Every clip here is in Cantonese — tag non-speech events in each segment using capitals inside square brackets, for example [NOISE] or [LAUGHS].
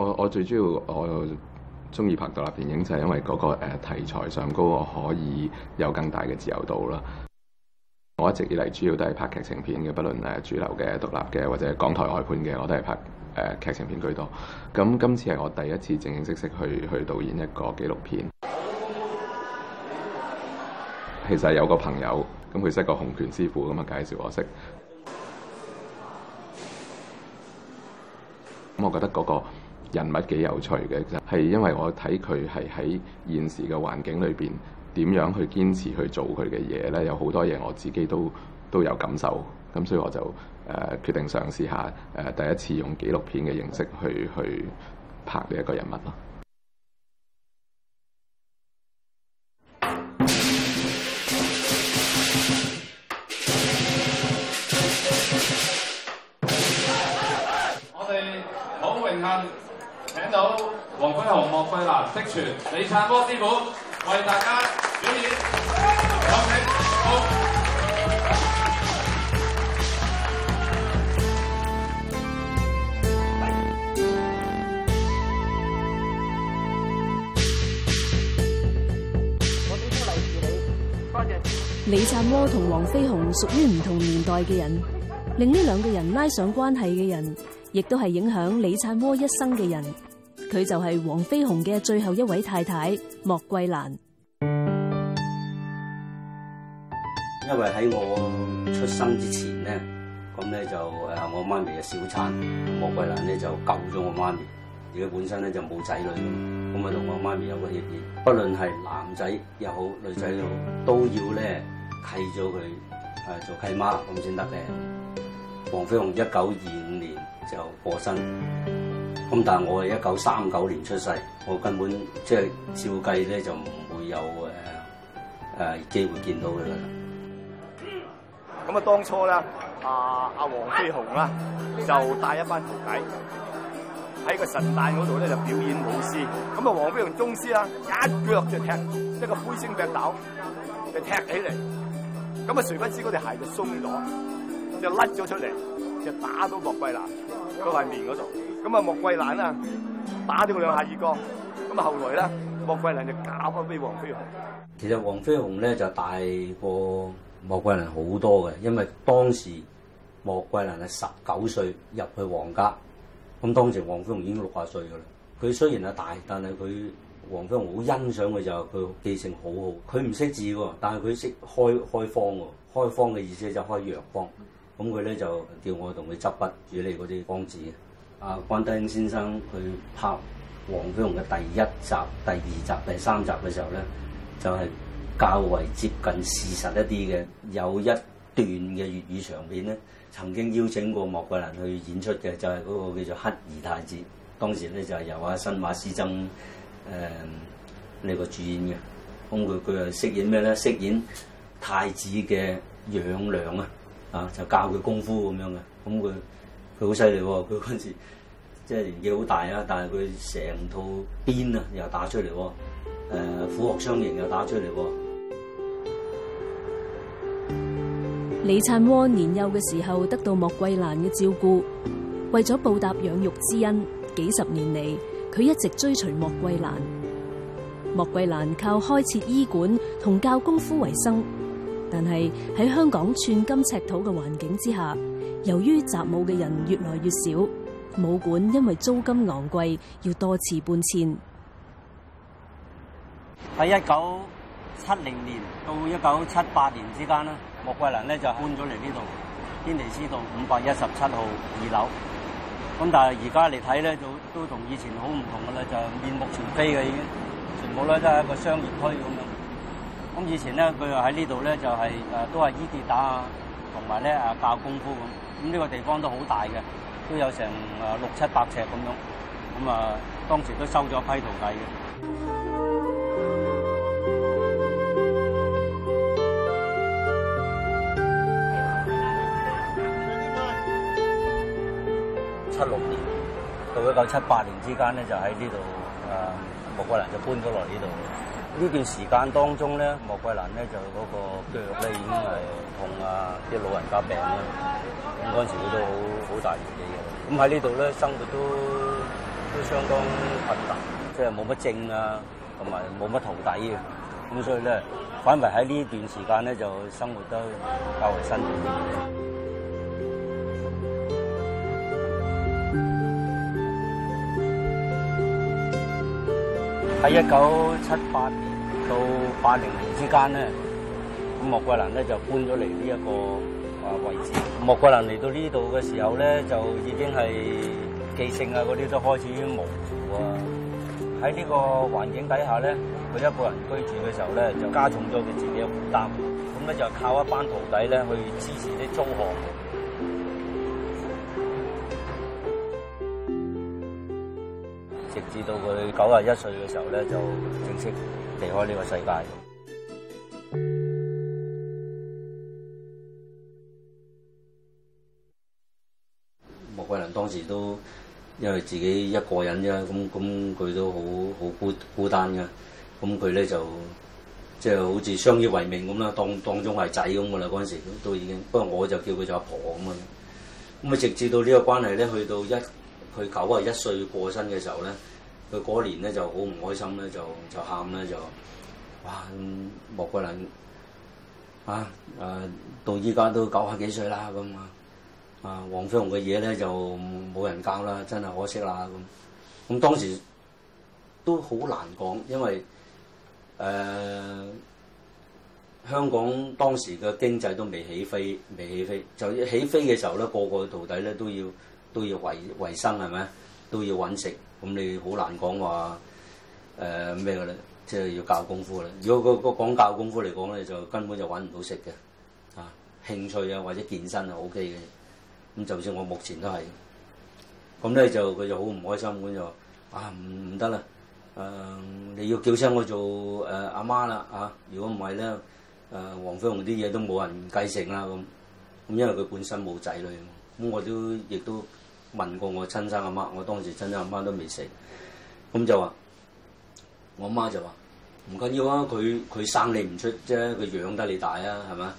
我我最主要我中意拍獨立電影就係因為嗰個誒題材上高，我可以有更大嘅自由度啦。我一直以嚟主要都係拍劇情片嘅，不論誒主流嘅、獨立嘅或者港台外判嘅，我都係拍誒劇情片居多。咁今次係我第一次正正式式去去導演一個紀錄片。其實有個朋友咁，佢識個洪拳師傅咁啊，介紹我識。咁我覺得嗰個人物幾有趣嘅，就係因為我睇佢係喺現時嘅環境裏邊點樣去堅持去做佢嘅嘢呢，有好多嘢我自己都都有感受，咁所以我就誒決定嘗試下誒第一次用紀錄片嘅形式去去拍呢一個人物啦。李燦窩師傅為大家表演，有好，我呢，李燦窩同黃飛鴻屬於唔同年代嘅人，令呢兩個人拉上關係嘅人，亦都係影響李燦窩一生嘅人。佢就係黃飛鴻嘅最後一位太太莫桂蘭。因為喺我出生之前咧，咁咧就誒我媽咪就小產，莫桂蘭咧就救咗我媽咪。而家本身咧就冇仔女，咁啊同我媽咪有個協議，不論係男仔又好，女仔又好，都要咧契咗佢誒做契媽咁先得嘅。黃飛鴻一九二五年就過身。咁但係我係一九三九年出世，我根本即係照計咧就唔會有誒誒、呃、機會見到佢啦。咁、嗯、啊，當初咧，阿阿黃飛鴻啦，就帶一班徒弟喺個神誕嗰度咧就表演舞獅。咁啊，黃飛鴻宗師啦，一腳就踢一個灰星踢斗，就踢起嚟。咁啊，誰不知嗰對鞋就鬆咗，就甩咗出嚟，就打到莫桂蘭嗰塊面嗰度。那咁啊！莫桂蘭啊，打咗佢兩下耳光。咁後來咧，莫桂蘭就搞翻俾黃飛鴻。其實黃飛鴻咧就大過莫桂蘭好多嘅，因為當時莫桂蘭係十九歲入去皇家，咁當時黃飛鴻已經六啊歲噶啦。佢雖然係大，但係佢黃飛鴻好欣賞佢就係、是、佢記性好好。佢唔識字喎，但係佢識開開方喎。開方嘅意思就開藥方。咁佢咧就叫我同佢執筆處理嗰啲方子。啊，關德興先生佢拍《黃飛鴻》嘅第一集、第二集、第三集嘅時候咧，就係較為接近事實一啲嘅，有一段嘅粵語場面咧，曾經邀請過莫桂蘭去演出嘅，就係嗰個叫做《乞兒太子》。當時咧就係由阿新馬師曾誒呢個主演嘅，咁佢佢啊飾演咩咧？飾演太子嘅養娘啊，啊就教佢功夫咁樣嘅，咁佢。佢好犀利喎！佢嗰陣時即係年紀好大啊，但係佢成套鞭啊又打出嚟，誒，虎鶴雙形又打出嚟。李燦窩年幼嘅時候得到莫桂蘭嘅照顧，為咗報答養育之恩，幾十年嚟佢一直追隨莫桂蘭。莫桂蘭靠開設醫館同教功夫為生，但係喺香港寸金尺土嘅環境之下。由於習武嘅人越來越少，武館因為租金昂貴，要多次搬遷。喺一九七零年到一九七八年之間啦，莫桂蘭咧就搬咗嚟呢度，堅尼地道五百一十七號二樓。咁但係而家嚟睇咧，就都同以前好唔同嘅啦，就是、面目全非嘅已經，全部咧都係一個商業區咁樣。咁、嗯嗯嗯嗯、以前咧，佢就喺呢度咧，就係、是、誒，都係醫跌打啊。同埋咧啊，教功夫咁，咁、這、呢個地方都好大嘅，都有成啊六七百尺咁樣，咁啊當時都收咗批徒弟嘅。七六年到一九七八年之間咧，就喺呢度，啊，六個人就搬咗落嚟呢度。呢段時間當中咧，莫桂蘭咧就嗰個腳咧已經係痛啊！啲老人家病啦，咁嗰陣時佢都好好大年紀嘅，咁喺呢度咧生活都都相當困難，即係冇乜證啊，同埋冇乜徒弟啊，咁所以咧反為喺呢段時間咧就生活得比較為辛苦啲。喺一九七八年到八零年之間咧，咁莫桂蘭咧就搬咗嚟呢一個啊位置。莫桂蘭嚟到呢度嘅時候咧，就已經係記性、啊嗰啲都開始模糊啊。喺呢個環境底下咧，佢一個人居住嘅時候咧，就加重咗佢自己嘅負擔。咁咧就靠一班徒弟咧去支持啲租學。直至到佢九十一歲嘅時候咧，就正式離開呢個世界。莫桂蘭當時都因為自己一個人啫，咁咁佢都好好孤孤單噶，咁佢咧就即係好似相依為命咁啦，當當中係仔咁噶啦，嗰陣時都已經，不過我就叫佢做阿婆咁啊，咁啊，直至到呢個關係咧，去到一。佢九啊一歲過身嘅時候咧，佢嗰年咧就好唔開心咧，就就喊咧就，哇莫桂蘭啊，誒到依家都九啊幾歲啦咁啊，啊黃飛鴻嘅嘢咧就冇人教啦，真係可惜啦咁。咁當時都好難講，因為誒、呃、香港當時嘅經濟都未起飛，未起飛就起飛嘅時候咧，個個徒弟咧都要。都要維維生係咪？都要揾食，咁你好難講話誒咩㗎咧？即係要教功夫啦！如果個個講教功夫嚟講咧，就根本就揾唔到食嘅啊！興趣啊，或者健身係，O K 嘅。咁就算我目前都係，咁咧就佢就好唔開心咁就啊唔唔得啦！誒、嗯嗯、你要叫聲我做誒阿、呃啊、媽啦嚇、啊！如果唔係咧，誒、呃、黃飛鴻啲嘢都冇人繼承啦咁。咁因為佢本身冇仔女，咁我都亦都。問過我親生阿媽，我當時親生阿媽都未死，咁就話我阿媽就話唔緊要啊，佢佢生你唔出啫，佢養得你大啊，係咪？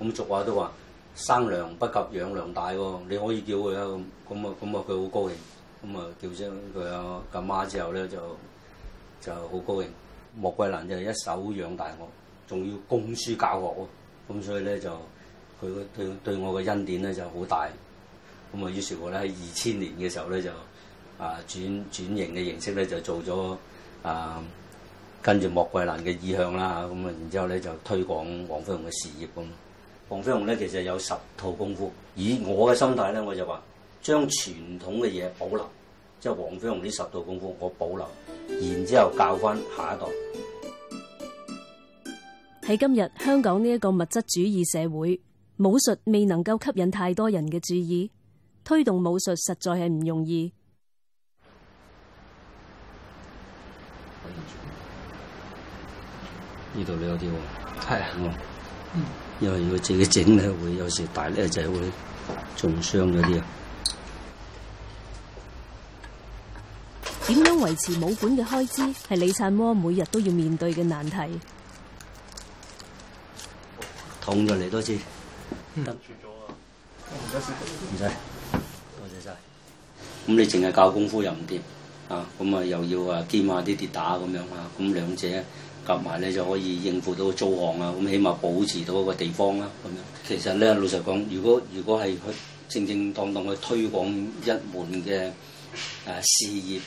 咁俗話都話生娘不及養娘大喎，你可以叫佢啊，咁咁啊咁啊，佢好高興，咁啊叫咗佢阿阿媽之後咧就就好高興，莫桂蘭就一手養大我，仲要供書教學喎，咁所以咧就佢對對我嘅恩典咧就好大。咁啊，於是我咧，喺二千年嘅時候咧，就啊轉轉型嘅形式咧，就做咗啊跟住莫桂蘭嘅意向啦咁啊，然之後咧就推廣黃飛鴻嘅事業咁。黃飛鴻咧其實有十套功夫，以我嘅心態咧，我就話將傳統嘅嘢保留，即係黃飛鴻呢十套功夫，我保留，然之後教翻下一代。喺今日香港呢一個物質主義社會，武術未能夠吸引太多人嘅注意。推動武術實在係唔容易。呢度你有啲喎，係哦、嗯，因為如果自己整咧，會有時大力仔會重傷嗰啲啊。點樣維持武館嘅開支，係李燦窩每日都要面對嘅難題。痛咗你多次，唔使、嗯。咁、嗯、你淨係教功夫又唔掂啊！咁、嗯、啊又要啊兼下啲跌打咁樣啊！咁、啊啊、兩者夾埋咧就可以應付到租項啊！咁起碼保持到一個地方啦咁樣。其實咧老實講，如果如果係去正正當當去推廣一門嘅誒、啊、事業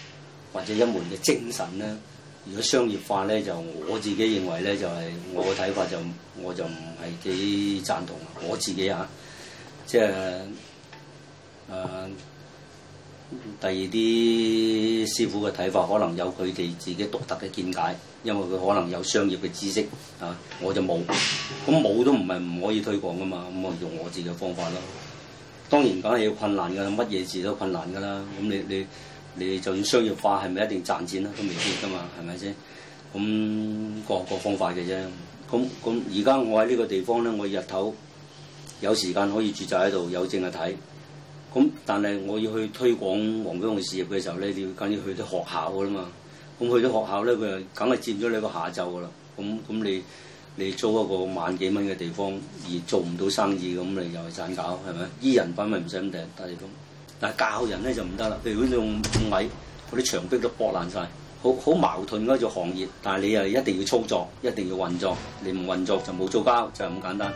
或者一門嘅精神咧、啊，如果商業化咧，就我自己認為咧就係、是、我嘅睇法就我就唔係幾贊同。我自己啊，即、就、係、是。誒、啊，第二啲師傅嘅睇法，可能有佢哋自己獨特嘅見解，因為佢可能有商業嘅知識啊，我就冇，咁冇都唔係唔可以推廣噶嘛。咁、嗯、我用我自己嘅方法咯。當然梗係要困難噶啦，乜嘢事都困難噶啦。咁、嗯、你你你就算商業化係咪一定賺錢啦，都未必噶嘛，係咪先？咁、嗯、各各方法嘅啫。咁咁而家我喺呢個地方咧，我日頭有時間可以駐紮喺度，有證去睇。咁、嗯、但係我要去推廣黃光嘅事業嘅時候咧，你要緊要去啲學校噶啦嘛。咁、嗯、去啲學校咧，佢又梗係佔咗你個下晝噶啦。咁咁你你租一個萬幾蚊嘅地方而做唔到生意，咁、嗯、你又係盞搞，係咪？醫人品咪唔使咁掟，但係咁，但係教人咧就唔得啦。譬如果種位，嗰啲牆壁都破爛晒，好好矛盾嗰種行業。但係你又一定要操作，一定要運作，你唔運作就冇做包，就咁、是、簡單。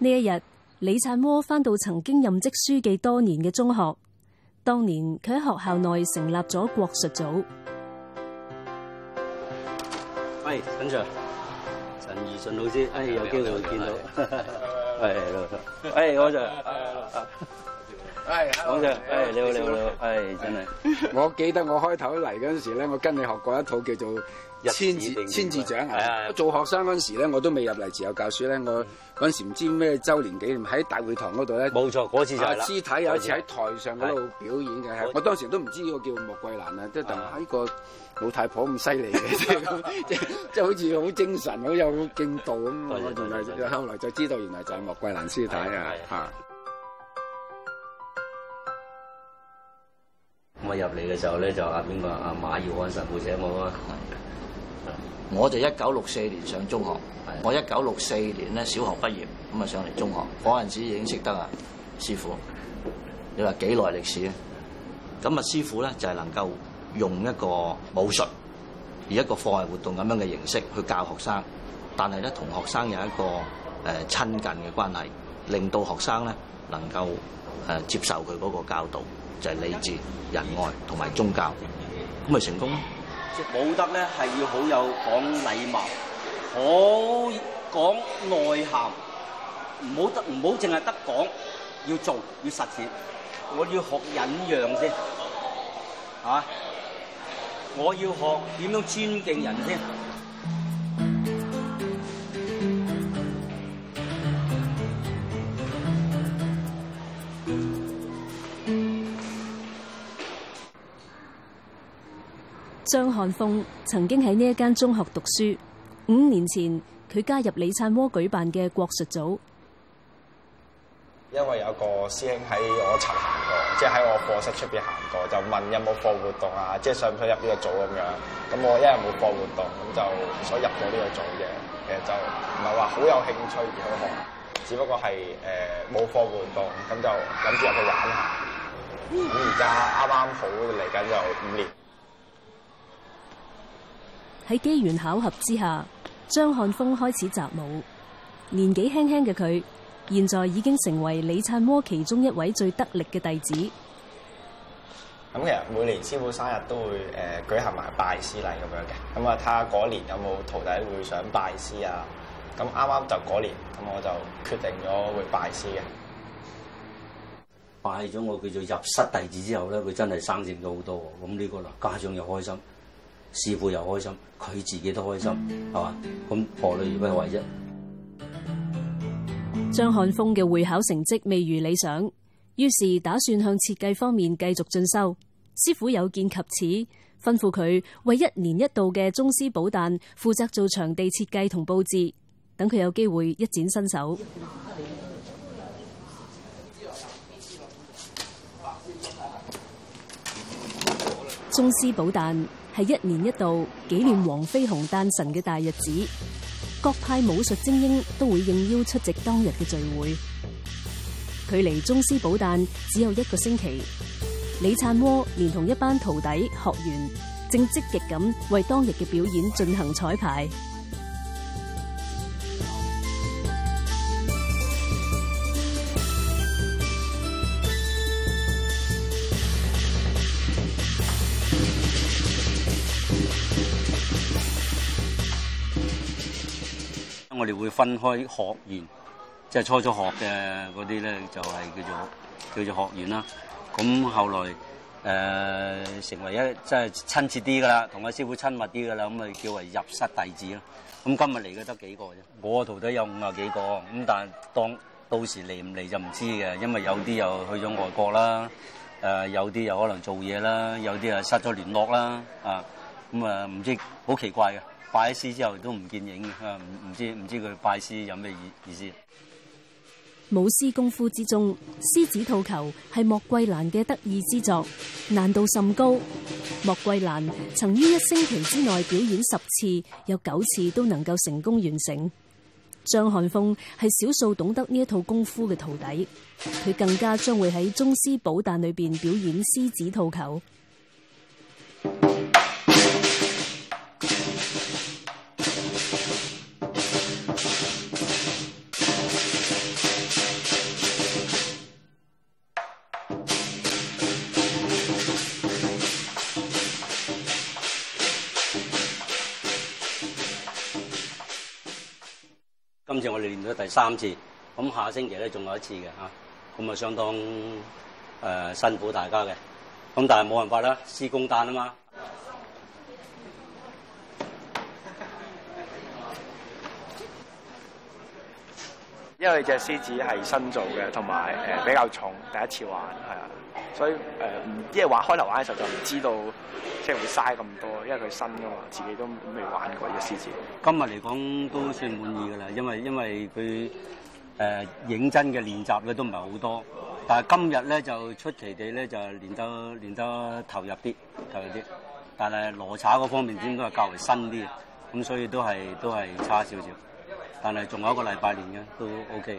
呢一日，李燦窩翻到曾經任職書記多年嘅中學，當年佢喺學校內成立咗國術組。喂，陳 Sir。陳怡順老師，哎，有機會會見到，係、哦，嗯、 [LAUGHS] 哎，我就、嗯。嗯嗯嗯係，講住。誒，你好，你好，你好。係，真係。我記得我開頭嚟嗰陣時咧，我跟你學過一套叫做千字千字掌係啊。做學生嗰陣時咧，我都未入嚟自由教書咧，我嗰陣時唔知咩周年紀念喺大會堂嗰度咧。冇錯，嗰次就。師太有一次喺台上嗰度表演嘅，我當時都唔知呢個叫莫桂蘭啊，即係同呢個老太婆咁犀利嘅，即係即係好似好精神，好有好勁道咁。我仲，後嚟就知道原來就係莫桂蘭師太啊。係。我入嚟嘅時候咧，就阿邊個阿馬耀安神父請我啊。我就一九六四年上中學，是的 我一九六四年咧小學畢業，咁啊上嚟中學嗰陣時已經識得啊師傅。你話幾耐歷史咧？咁啊師傅咧就係、是、能夠用一個武術以一個課外活動咁樣嘅形式去教學生，但係咧同學生有一個誒、呃、親近嘅關係，令到學生咧能夠誒、呃、接受佢嗰個教導。就係理智、仁愛同埋宗教，咁咪成功囉？即冇得咧，係要好有講禮貌，好講內涵，唔好得，唔好淨係得講，要做要實踐。我要學忍讓先，嚇！我要學點樣尊敬人先。張漢豐曾經喺呢一間中學讀書。五年前，佢加入李燦窩舉辦嘅國術組。因為有個師兄喺我層行過，即係喺我課室出邊行過，就問有冇課活動啊，即係想唔想入呢個組咁樣。咁我因為冇課活動，咁就所以入咗呢個組嘅。其實就唔係話好有興趣而去學，只不過係誒冇課活動，咁就諗住入去玩下。咁而家啱啱好嚟緊有五年。喺機緣巧合之下，張漢豐開始習武。年紀輕輕嘅佢，現在已經成為李燦窩其中一位最得力嘅弟子。咁其實每年師傅生日都會誒舉行埋拜師禮咁樣嘅，咁啊睇下嗰年有冇徒弟會想拜師啊。咁啱啱就嗰年，咁我就決定咗會拜師嘅。拜咗我叫做入室弟子之後咧，佢真係生性咗好多。咁呢個啦，家長又開心。師傅又開心，佢自己都開心，係嘛？咁何樂而不為之？張漢豐嘅會考成績未如理想，於是打算向設計方面繼續進修。師傅有見及此，吩咐佢為一年一度嘅宗師寶誕負責做場地設計同佈置，等佢有機會一展身手。宗師寶誕。係一年一度紀念黃飛鴻誕辰嘅大日子，各派武術精英都會應邀出席當日嘅聚會。距離宗師寶誕只有一個星期，李燦窩連同一班徒弟學員正積極咁為當日嘅表演進行彩排。我哋會分開學員，即係初初學嘅嗰啲咧，就係叫做叫做學員啦。咁後來誒、呃、成為一即係、就是、親切啲噶啦，同阿師傅親密啲噶啦，咁啊叫為入室弟子啦。咁今日嚟嘅得幾個啫？我徒弟有五十幾個，咁但係當到時嚟唔嚟就唔知嘅，因為有啲又去咗外國啦，誒有啲又可能做嘢啦，有啲啊失咗聯絡啦，啊咁啊唔知好奇怪嘅。拜師之後都唔見影，唔知佢拜師有咩意意思？舞獅功夫之中，獅子吐球係莫桂蘭嘅得意之作，難度甚高。莫桂蘭曾於一星期之內表演十次，有九次都能夠成功完成。張漢豐係少數懂得呢一套功夫嘅徒弟，佢更加將會喺宗師寶誕裏邊表演獅子吐球。今次我哋練咗第三次，咁下星期咧仲有一次嘅嚇，咁啊相當誒、呃、辛苦大家嘅，咁但係冇辦法啦，師公誕啊嘛，因為隻獅子係新做嘅，同埋誒比較重，第一次玩係啊。所以誒，唔即係話開頭玩嘅時候就唔知道，即係會嘥咁多，因為佢新㗎嘛，自己都未玩過依個獅子。今日嚟講都算滿意㗎喇，因為因為佢誒、呃、認真嘅練習咧都唔係好多，但係今日咧就出奇地咧就練得練得投入啲，投入啲。但係羅炒嗰方面應該係較為新啲，咁所以都係都係差少少。但係仲有一個禮拜練嘅都 OK。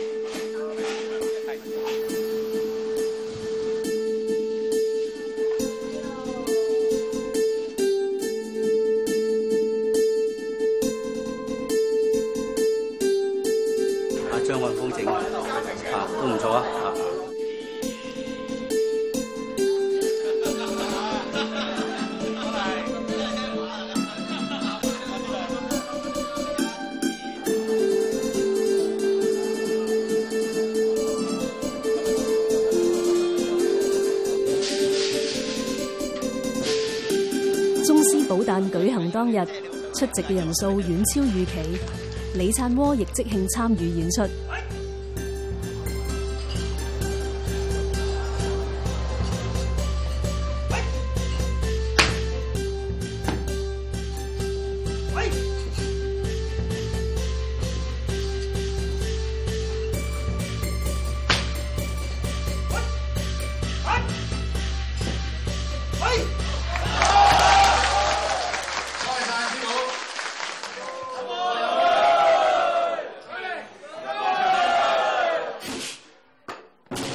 但舉行當日，出席嘅人數遠超預期，李燦窩亦即興參與演出。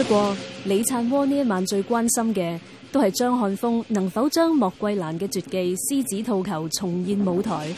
不過，李燦窩呢一晚最關心嘅，都係張漢豐能否將莫桂蘭嘅絕技獅子吐球重現舞台。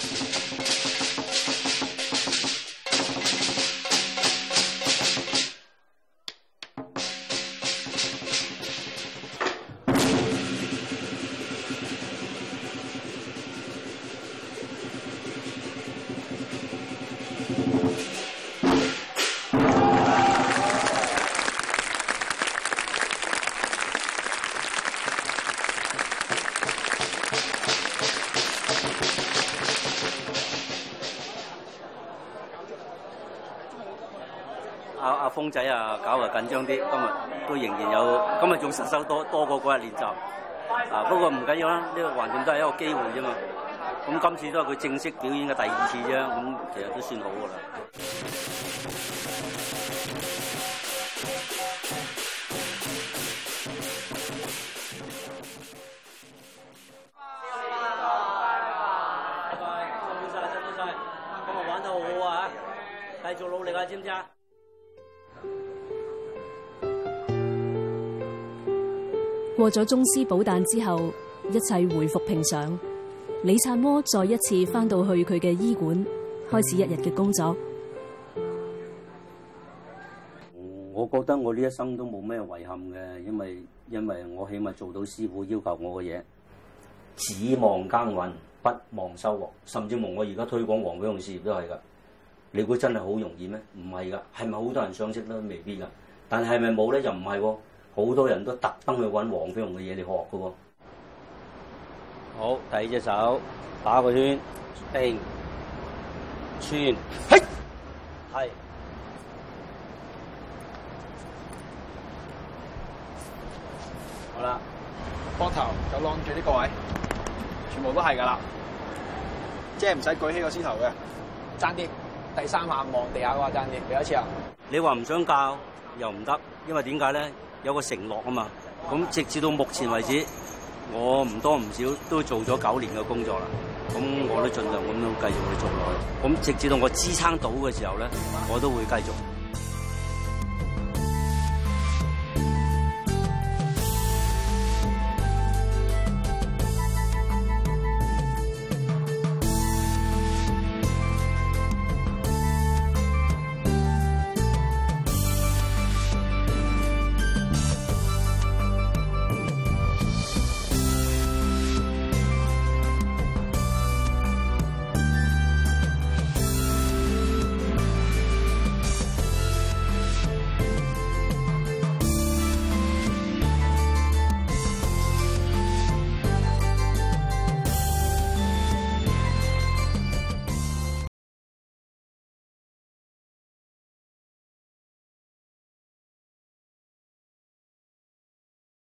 公仔啊，搞啊，緊張啲。今日都仍然有，今日仲失手多多過嗰日練習啊。不過唔緊要啦，呢個環境都係一個機會啫嘛。咁、啊、今次都係佢正式表演嘅第二次啫，咁、啊、其實都算好㗎啦。拜拜，辛苦晒，辛苦晒。今日玩得好好啊，繼續努力啊，知唔知啊？過咗宗師寶誕之後，一切回復平常。李燦窩再一次翻到去佢嘅醫館，開始一日嘅工作。嗯，我覺得我呢一生都冇咩遺憾嘅，因為因為我起碼做到師傅要求我嘅嘢。只望耕耘，不忘收穫，甚至乎我而家推廣黃飛鴻事業都係噶。你估真係好容易咩？唔係噶，係咪好多人想識咧？未必噶，但係咪冇咧？又唔係。好多人都特登去揾黃飛鴻嘅嘢嚟學噶喎。好，第二隻手打個圈，定，轉，嘿，起，係，好啦，膊頭就晾住呢個位，全部都係噶啦，即係唔使舉起個獅頭嘅，爭啲，第三下望地下嘅話爭啲，俾一次啊。你話唔想教又唔得，因為點解咧？有個承諾啊嘛，咁直至到目前為止，我唔多唔少都做咗九年嘅工作啦，咁我都盡量咁樣繼續去做落去，咁直至到我支撐到嘅時候咧，我都會繼續。